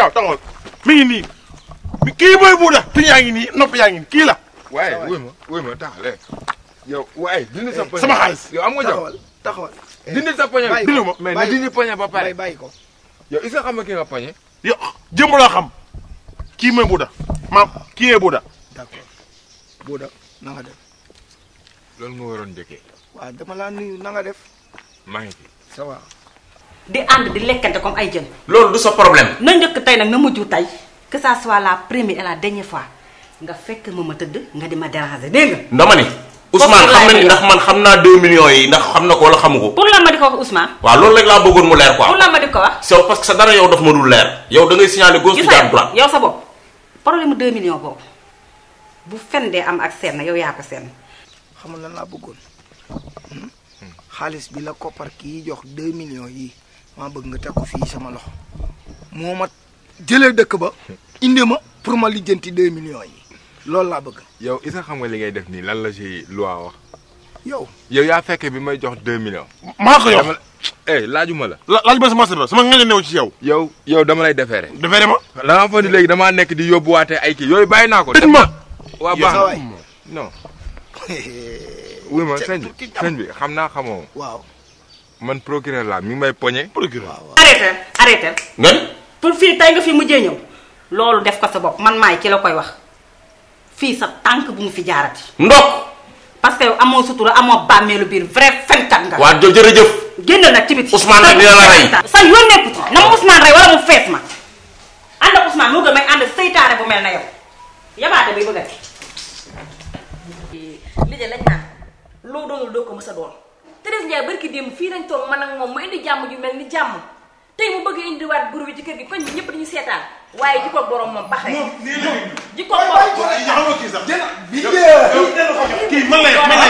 gaaw taxawal mi ngi nii kii mooy buuda tuñ yaa ngi nii nopp yaa ngi nii kii la. waaye wuy ma wuy ma taxalee. yow waaye dindi sa poñe sama xaalis yow am nga jaww taxawal dindi sa poñe dindi ma mais dindi poñe ba pare bàyyi ko yow isa xam ki nga poñe yow jëmm laa xam kii mooy buuda maam kii mooy buuda d'accord buuda na nga def loolu nga dama nuyu na nga def ngi ça va di and di lekante comme ay jeun lolou du sa problème na ñëk tay nak na muju tay que ça soit la première et la dernière fois nga fekk ma ma teud nga di ma déranger dégg nga dama ni Ousmane xam na ndax man xam na 2 millions yi ndax xam na ko wala xamu ko pour la ma di ko wax Ousmane wa lolou rek la bëggoon mu leer quoi pour la ma di ko wax c'est parce que sa dara yow daf ma dul leer yow da ngay signaler gauche du droit yow sa bop problème 2 millions bop bu fendé am ak sen yow ya ko sen xamul lan la bëggoon hmm? xaliss bi la koppar ki jox 2 millions yi ma bëgg nga tekku fi sama loxo moo ma jëlee dëkk ba indi ma pour ma lijjanti 2 millions yi loolu laa bëgg yow isa xam nga li ngay def nii lan la ci loi wax yow yow yaa fekke bi may jox 2 millions maa ko yow eh laajuma la ba sama sër sama nga neew ci yow yow yow dama lay defeere defeere ma la nga fa ni dama damaa nekk di waté ay ki yoy bayina ko tëj ma waa baax non oui ma sëñ bi sëñ bi xam naa xamoo waaw man procureur la mi may poñé procureur arrêté arrêté nga pour fi tay nga fi mujjé ñew lolu def ko sa bop man may ki la koy wax fi sa tank bu mu fi jaarati ndok parce que amo sutura amo bamélu bir vrai fenkat nga wa jëf jëf jëf génnal nak tibiti ousmane nak dina la ray sa yoon nekku ci na ousmane ray wala mu fess ma and ak ousmane mo gëm may and seytaane bu melna yow yabaate bi bëgg li de lañ naan loo doonul ko mësa doon Thérèse Ndiaye barki démb fii lañ toog man ak moom mu indi jàmm ju mel ni jàmm tey mu bëgg indiwaat buru bi ci kër gi koñ bi ñëpp dañu seetaan waaye jikko borom moom baax rek. moom lii la ñu. jikko borom kii man lay man lay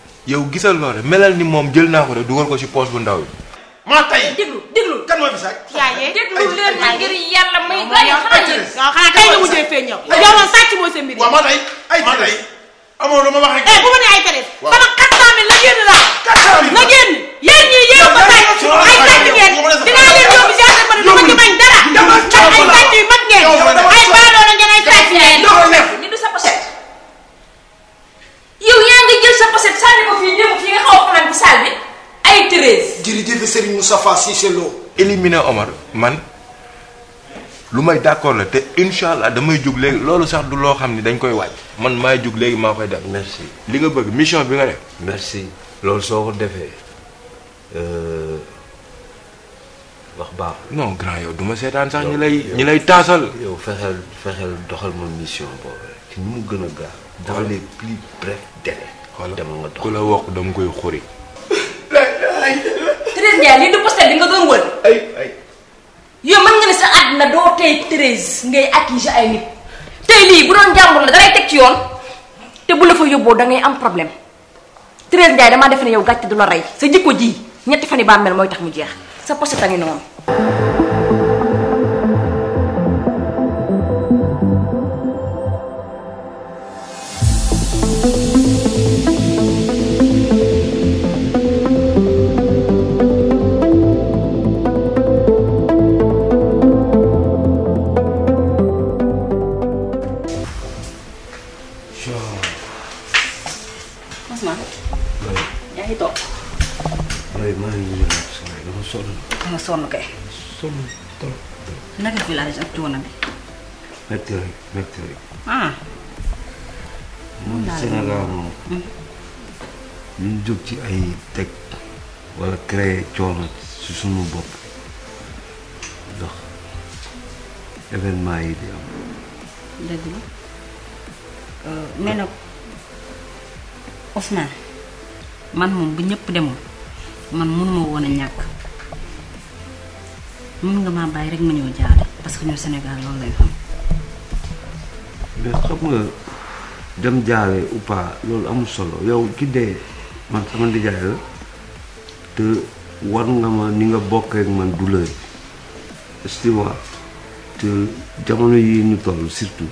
yow gisal loolu melal ni moom jël naa ko de dugal ko ci poche bu ndaw yi. maa tey eh, déglu déglu kan moo yaaye déglu leen na ngir yàlla may. waaw yow moom sàcc mooy sa mbir. waaw maa tey ay maa tey ma wax eh, ay Thérèse. ngeen dinaa leen yóbbu gendarmerie du ma ci bañ dara. ndax ay sàcc yu mag ngeen. Moustapha Cissé Lo. éliminé Omar man lu may d'accord la te incha allah damay jug léegi loolu sax du loo xam ni dañ koy wàcc man maay jug léegi maa koy def. merci li nga bëgg mission bi nga def. merci loolu soo ko defee euh, wax baax non grand yow duma seetaan sax ñi lay ñi lay taasal. yow fexeel fexeel doxal ma mission boobu gën a gaaw. dans les plus ku la wax dama koy xuri Ndiaye lii du poste bi nga doon wër. ay ay. mën nga ne sa àddina doo tey Thérèse ngay accuser ay nit tey lii bu doon jàmbur la da ngay teg ci yoon te bu la fa yóbboo da ngay am problème Thérèse Ndiaye damaa defe ne yow gàcce du la rey sa jikko ji ñetti fan yi bàmmeel mooy tax mu jeex sa poste tangi noonu. Ousmane. yaa ngi toog. mooy maa ngi nuyu naa Ousmane dama sonn. dama sonn kay. sonn trop. naka village ak coono bi. métti rek métti rek. ah. moom Sénégal moom. jóg ci ay teg wala créer coono ci suñu bopp ndax événement yi di am. dëgg la mais Ousmane man moom bu ñëpp demoon man mënuma woon a ñàkk mën nga maa bàyyi rek ma ñëw jaale parce que ñun loolu lay xam. mais xam nga dem jaale ou loolu amul solo yow ki dee man sama nijaay la te war nga ma ni nga bokkee ak man douleur bi. te jamono yi ñu toll surtout.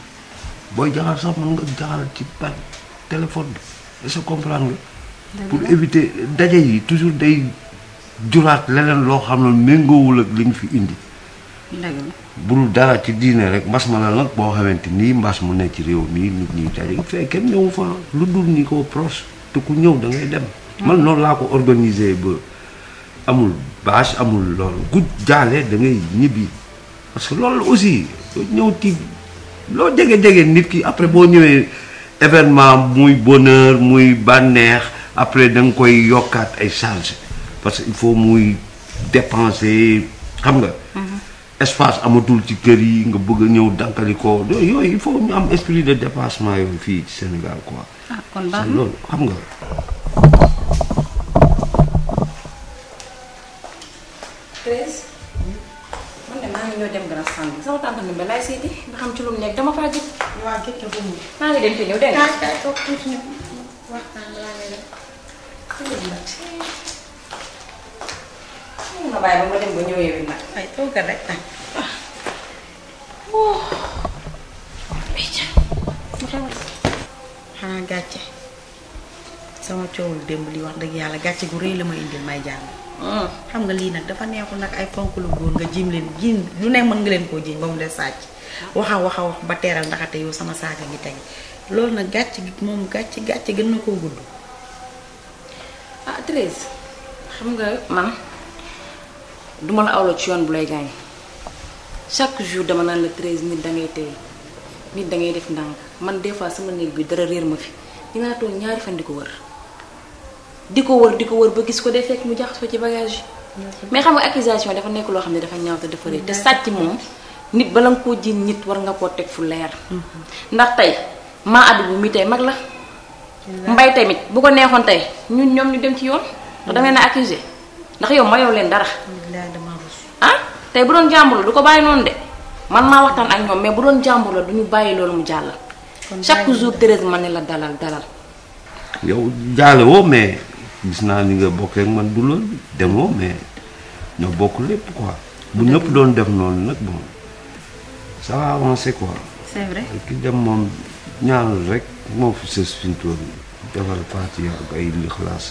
booy jaxal sax man nga jaxal ci par téléphone bi est-ce nga pour éviter daje yi toujours day juraat leneen loo xam ne méngoowul ak li nga fi indi budul dara ci diine rek mbas ma la nag boo xamante nii mbas mu ne ci réew mii nit ñi daje fee kenn ñëw fa lu dul ni ko proche te ku ñëw da ngay dem mm. man noonu laa ko organiser ba amul bâche amul loolu ku jaalee da ñibbi parce que loolu aussi ñëw ci loo jege jege nit ki après boo ñëwee événement muy bonheur muy bànneex après da nga koy yokkaat ay charge parce que il faut muy dépenser xam nga. Mm-hmm. espace amatul ci kër yi nga bëgg a ñëw dankali ko yooyu il faut ñu am esprit de dépassement yooyu fii ci Sénégal quoi. ah kon loolu xam nga. a sang. sama tante Ndimbe laay seeti nga xam ci lu mu nekk dama faa jël. waaw jël ko mu. maa ngi ma dem ba ñëwee bi nag. ay toogal rek ah. wóo. xanaa gàcce. sama coowul démb li wax dëgg yàlla gàcce gu rëy la ma indil may jàng. Ah, xam nga lii nag dafa neexul nag ay fonk lu góor nga jiim leen jiim lu ne mën nga leen koo jiim ba mu des sàcc waxa waxa wax ba teeral ndaxate yow sama saaga ngi tey loolu nag gàcc moom gàcc gàcc gën na koo gudd ah Thérèse xam nga man duma la awlo ci yoon bu lay gaañ chaque jour dama naan la Thérèse nit dangay tey nit dangay def ndànk man des fois sama néeg bi dara réer ma fi dinaa toog ñaari fan di ko wër di ko wër di ko wër ba gis ko day fekk mu jaxasoo ci bagage yi. mais xam nga accusation dafa nekk loo xam ne dafa ñaaw te dafa te sàcc moom nit bala nga koo jiin nit war nga koo teg fu leer. Mhm. ndax tey maa abi bu mi tey mag la. mbay tamit bu ko neexoon tey ñun ñoom ñu dem ci yoon. ndax da ngeen a accusé ndax yow mayoo leen dara. ah tey bu doon jàmbur la du ko bàyyi noonu de man maa waxtaan ak ñoom mais bu doon jàmbur la du ñu bàyyi loolu mu jàll. chaque jour Thérèse ma ne la dalal dalal. yow jaale gis naa li nga bokkee ak man du loolu demoo mais ñoo bokk lépp quoi. bu ñëpp doon def noonu nag bon ça va avancer quoi. ki dem moom ñaanul rek moo fi sës fi defal fàttali ak ay li xalaas.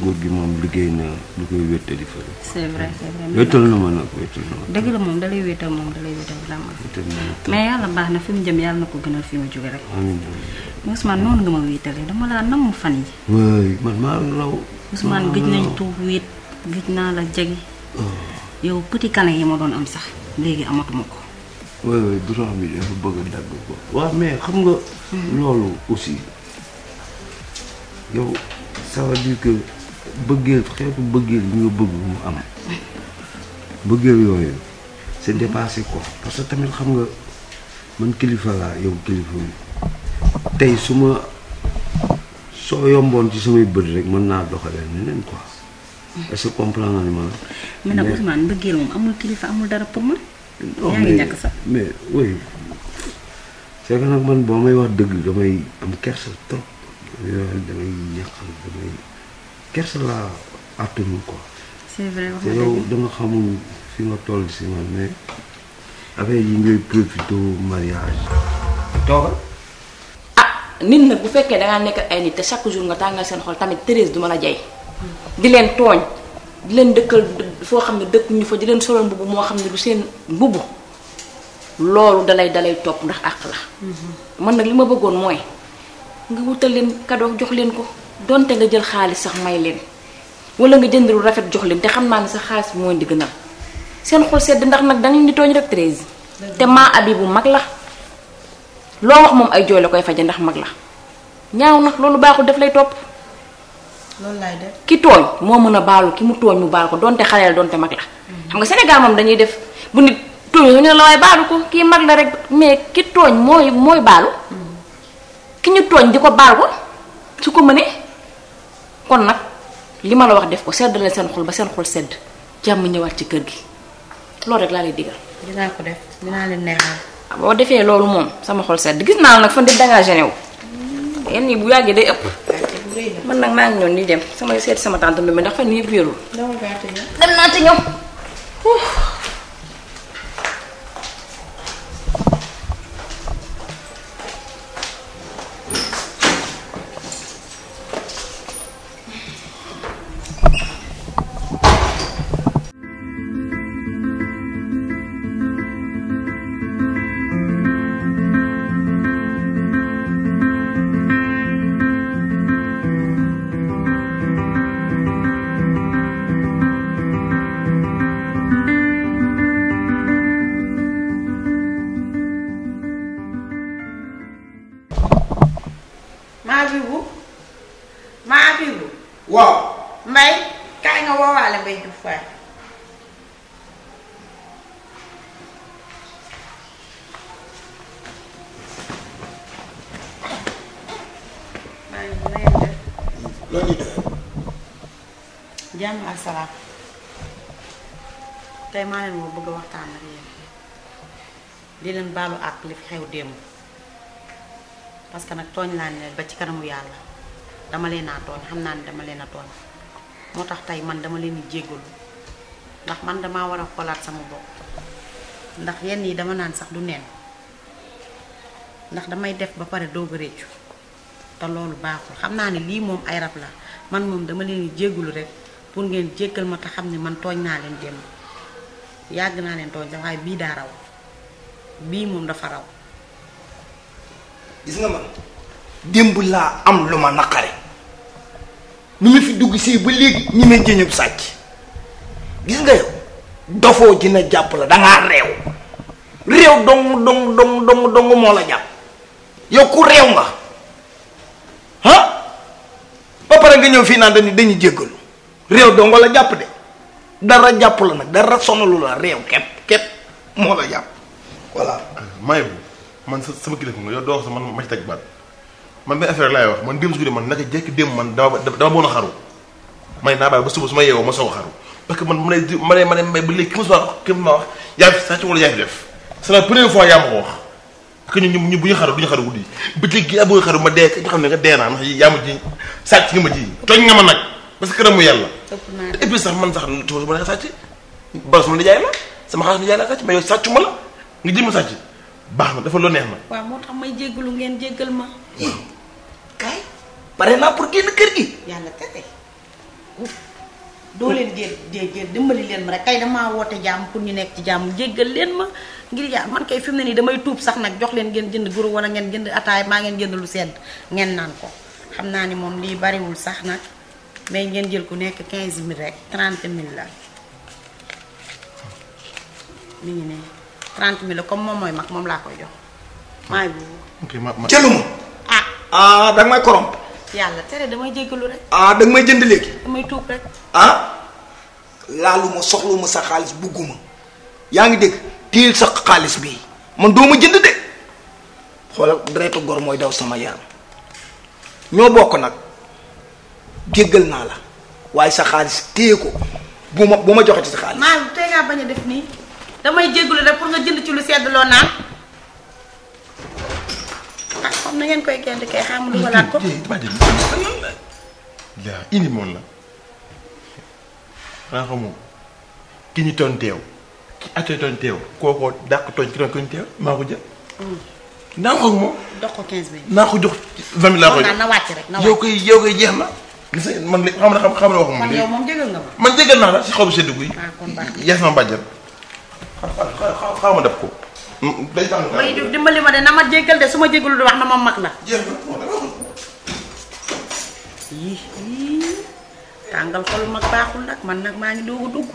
góor gi moom liggéey na lu koy di fa c'est vrai c'est vrai wéttal na ma nag wéttal na ma dëgg la moom dalay wéttal moom dalay wéttal vraiment na mais yàlla baax na fi mu jëm yàlla na gënal fi mu rek amiin Ousmane nga ma wéttalee dama laa namm fan yi waay man maa law Ousmane gëj nañ tuub wéet gëj naa la jagi oh. yow petit canin yi ma doon am sax léegi amatuma ko oui oui droit bi dafa bëgg a dagg ko waaw mais xam nga hmm. aussi yow ça veut dire que bëggeel xeetu bëggeel yi ñu bëgg mu am bëggeel yooyu c'est dépassé ko parce que tamit xam nga man kilifa laa yow kilifa tey su ma soo yomboon ci samay bët rek mën naa doxalee neneen quoi est-ce que comprendre amul kilifa amul dara pour man. mais oui c'est que man boo may wax dëgg damay am kersa trop damay ñàkkal damay. kersa laa àttanul quoi. c'est vrai wax nga yow dama xamul fi nga toll si man mais affaire yi ngay profité mariage. toogal. ah nit nag bu fekkee da ngaa nekk ay nit te chaque jour nga tàngal seen xol tamit Thérèse du ma la jay di leen tooñ di leen dëkkal foo xam ne ñu fa di leen solal mbubb moo xam ne du seen mbubb loolu dalay dalay topp ndax àq la. Mhm. man nag li ma bëggoon mooy nga wutal leen cadeau jox leen ko. donte nga jël xaalis sax may leen wala nga jënd lu rafet jox leen te xam naa ngi sax xaalis bi mooy di gënal seen xol sedd ndax nag danga leen di tooñ rek Thérèse te maa abi bu mag la loo wax moom ay jooy la koy faje ndax mag la ñaaw nag loolu baaxul def lay topp. loolu laay def ki tooñ moo mën a baalu ki mu tooñ mu baal ko donte xale donte mag la. Mhm. xam nga senegal moom dañuy def bu nit tooñu ñu ne la waaye baalu ko kii mag la rek mais ki tooñ mooy mooy baalu mhm. ki ñu tooñ di ko baal su ko mënee. kon nag li ma la wax def ko sedd leen seen xol ba seen xol sedd jàmm ñëwaat ci kër gi loolu rek laa lay digal. dinaa ko def dinaa leen neexal. Ah, boo defee loolu moom sama xol sedd gis naa la nag fan di dangaa gené wu yenn yi bu yàggee day ëpp. man nag maa ngi ñëw ni dem sama seet sama tante bi ndax fa yii yëpp wéerul. dem naa te ñëw. waw mbay kaay nga woowaale mbay Diouf waay loo ñu doyee jàmm ak salaam bëgg waxtaan ak di leen ak li xew parce que nag dama leen a tooñ xam naa ni dama leen a tooñ moo tax tey man dama leen di jéggalu ndax man dama war a xoolaat sama bopp ndax yenn yi dama naan sax du neen ndax damay def ba pare doog a réccu te loolu baaxul xam naa ne lii moom ay rab la man moom dama leen di jéggalu rek pour ngeen jéggal ma te xam ne man tooñ naa leen démb yàgg naa leen tooñ waaye bii daa raw bii moom dafa raw. gis nga ma démb laa am lu ma naqare. nu mu fi dugg si ba léegi ñi ma jëñu sacc gis nga yow dofoo dina japp la da nga rew rew dong dong dong dong dong mo la japp yow ku rew nga ha ba para nga ñew fi naan dañu dañu jéggalu dong la japp de dara japp la nak dara sonalu la rew kep kep mo la japp voilà mayu man sama kilifa nga yow do sama man baat man benn affaire laay wax man démb si guddi man naka jekk démb man dama dama bëggoon xaru may naa ma yeewoo ma soog que man ma ne ma ne ma ne ba léegi ki ma wax ki bu ñu xaru du a xaru ne nga dee naa ndax yaa ma ji sàcc nga ma ji parce que këramu yàlla et puis sax man sax tu ma ne sàcc sama xaalis nijaay la sàcc ma la nga jëm ma sàcc baax na dafa loo neex na waaw moo tax may jéggalu ngeen jéggal ma vraiment pour guen kër gi yalla tete do len jéeg jéeg jéeg dimbali len ma rek kay dama woote jàmm pour ñu nekk ci jàmm jéggal len ma ngir ya man kay fi ni damay tuub sax nak jox len ngeen jënd guru wala ngeen jënd ataay ma ngeen jënd lu sedd ngeen nan ko xamna ni mom li bari wul sax nak mais ngeen jël ku nekk 15000 rek 30000 la mi ngi ne 30000 comme mom moy mak mom la koy jox maa ngi. ok ma ah ah danga may koromp yàlla tere damay jéggalu rek. ah danga may jënd léegi. damay tuub rek. ah laaluma soxluma sa xaalis bugguma yaa dégg téel sa xaalis bi man doo ma jënd de xoolal deretu gor mooy daw sama yaram ñoo bokk Buma buma naa la waaye sa xaalis téye ko bu ma bu sa def damay rek pour nga jënd ci lu comme na ngeen koy gënd kay xam lu ko. jaa indi moom la xanaa xamoo ki ñu toon teew ki atee toon teew kookoo dàq tooñ ki doon ko ñu teew maa ko jël. naa ko moom. jox ko 15 minutes naa ko jox. 20 minutes laa koy jox na wàcc rek na wàcc yow koy yow koy jeex na. gis nga man de xam na xam xam na waxuma. man yow moom jégal nga ma. man jégal naa la si xaw bi seddu guy. ah kon baax na yees na ma bàjjal. xaaral xaaral xaaral ma def ko. day tàng daal bay dimbali ma de na ma jéggal de su ma jéggalu di wax na ma mag na. jeex na tàngal xolu mag baaxul nag man nag maa ngi doog a dugg.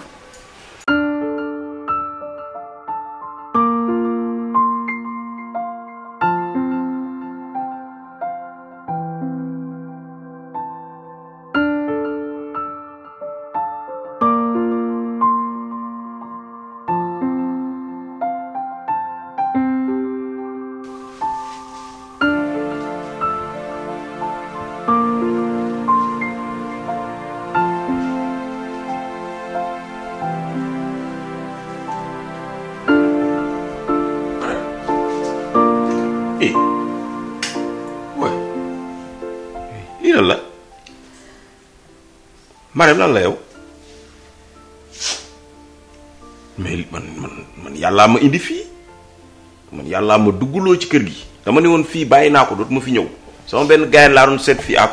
Marème lan la yow mais man man yàllaa ma indi fii man yàllaa ma dugguloo ci kër gi dama ne woon fii bàyyi naa ko doot ma fi ñëw sama benn gars laa doon seet fii à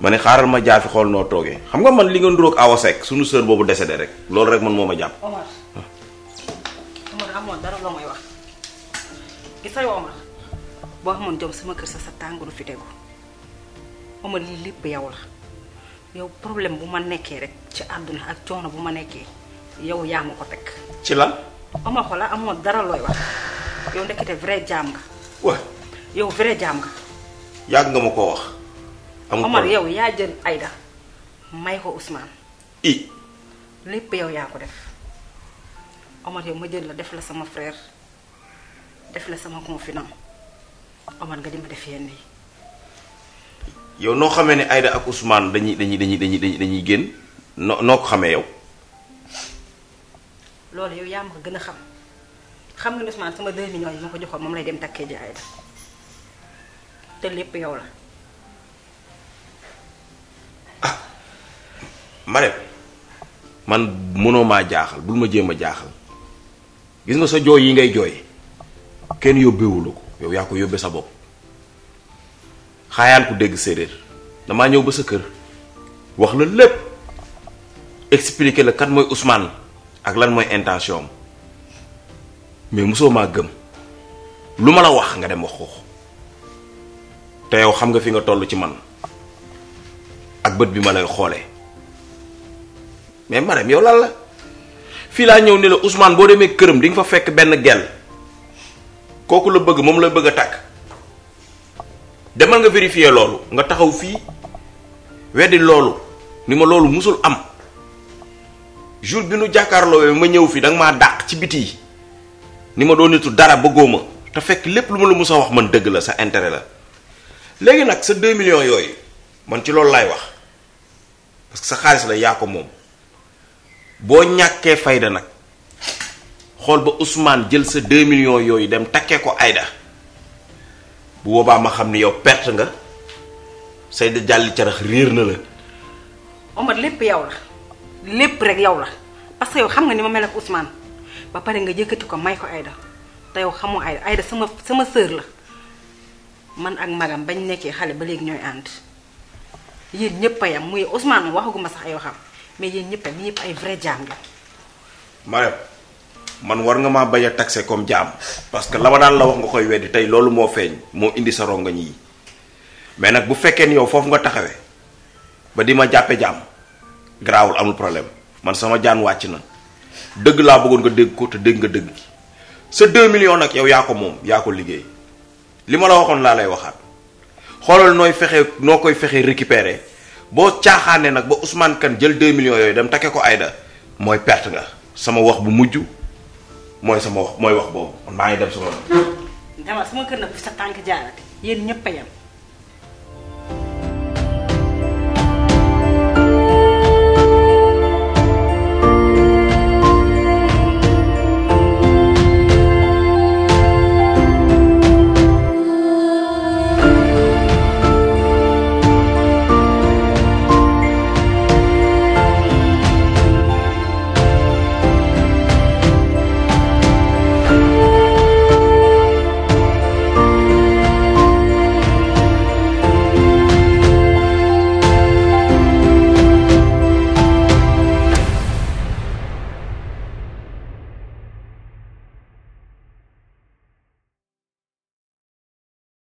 ma ne xaaral ma jaar fi xool noo toogee xam nga man li nga nduróog Awa Seck suñu sœur boobu décédé rek loolu rek man moo ma jàpp. Omar amoon dara loo may wax gis nga Omar boo xamoon jom sama kër sa sa tàngoor fi Omar lii lépp yow la. yow problème bu ma nekkee rek ci àdduna ak coono bu ma nekkee yow yaa ma ko teg. ci la Omar xola amoo dara looy wax yow ndekete vrai jaam nga. wa yow jaam nga. yàgg nga ma ko wax. amul Omar yow yaa jël Aïda may ko Ousmane. i. lépp yow yaa ko def Omar yow ma jël la def la sama frère def la sama confident Omar nga di ma def yenn yi. yow noo xamee ne Aïda ak Ousmane dañuy dañuy dañuy dañuy dañuy génn noo noo ko xamee yow. loolu yow yaa ma ko gën a xam xam nga ne Ousmane sama 2 millions yi ma ko joxoon moom lay dem takkee ji Aïda te lépp yow la. ah Marème man mënoo maa jaaxal bul ma jéem a jaaxal gis nga sa jooy yi ngay jooy kenn yóbbeewula ko yow yaa ko yóbbee sa bopp. xaayaan ku deg namanya dama ñew ba sa kër wax la lepp expliquer la kan moy Ousmane ak lan moy intention mais mosoo ma gëm luma la wax nga dem wax xox te yow xam nga fi nga tollu ci man ak bëtt bi ma lay xolé mais maram yow lan la fi la ñew ne la Ousmane bo kërëm di nga fa fekk ben gel koku la bëgg mom la bëgg tak demal nga vérifier loolu nga taxaw fii weddi loolu ni ma loolu musul am jour bi nu jàkkaarloo ma ñëw fii da nga maa dàq ci biti yi ni ma doon nitu dara bëggoo ma te fekk lépp lu ma lu mus a wax man dëgg la sa intérêt la léegi nag sa 2 millions yooyu man ci loolu laay wax parce sa xaalis la yaa ko moom boo ñàkkee fayda nag xool ba Ousmane jël sa 2 millions yooyu dem takkee ko ayda bu boobaa ma xam ni yow perte nga Seyda jàlli carax réer na la. Omar lépp yow la lépp rek yow la parce que yow xam nga ni ma mel ak Ousmane ba pare nga jëkkati ko may ko Aïda te yow xamoo Aïda Aïda sama sama sœur la man ak magam bañ nekkee xale ba léegi ñooy ànd yéen ñëpp a yam muy Ousmane waxaguma sax ay waxam mais yéen ñëpp a yéen ñëpp ay vrai jaam la. Mariam. man war nga ma baña taxé comme jam parce que lawa dal la wax nga koy wéddi tay loolu mo feñ mo indi sa rongañ yi mais nak bu fekké ni yow fof nga taxawé ba dima jappé jam grawul amul problème man sama jaan wacc na deug la bëggon nga dégg ko te dégg nga dëgg sa 2 millions nak yow ya ko mom ya ko liggéey lima la waxon la lay waxat xolal noy fexé noo koy fexe récupérer bo nak ba Ousmane Kane jël 2 millions yoy dem také ko Aida moy perte nga sama wax bu muju mooy sama wax mooy wax boobu man maa ngi dem sama. dama sama kër nag bu fi sa tànk jaarate yéen ñëpp a yem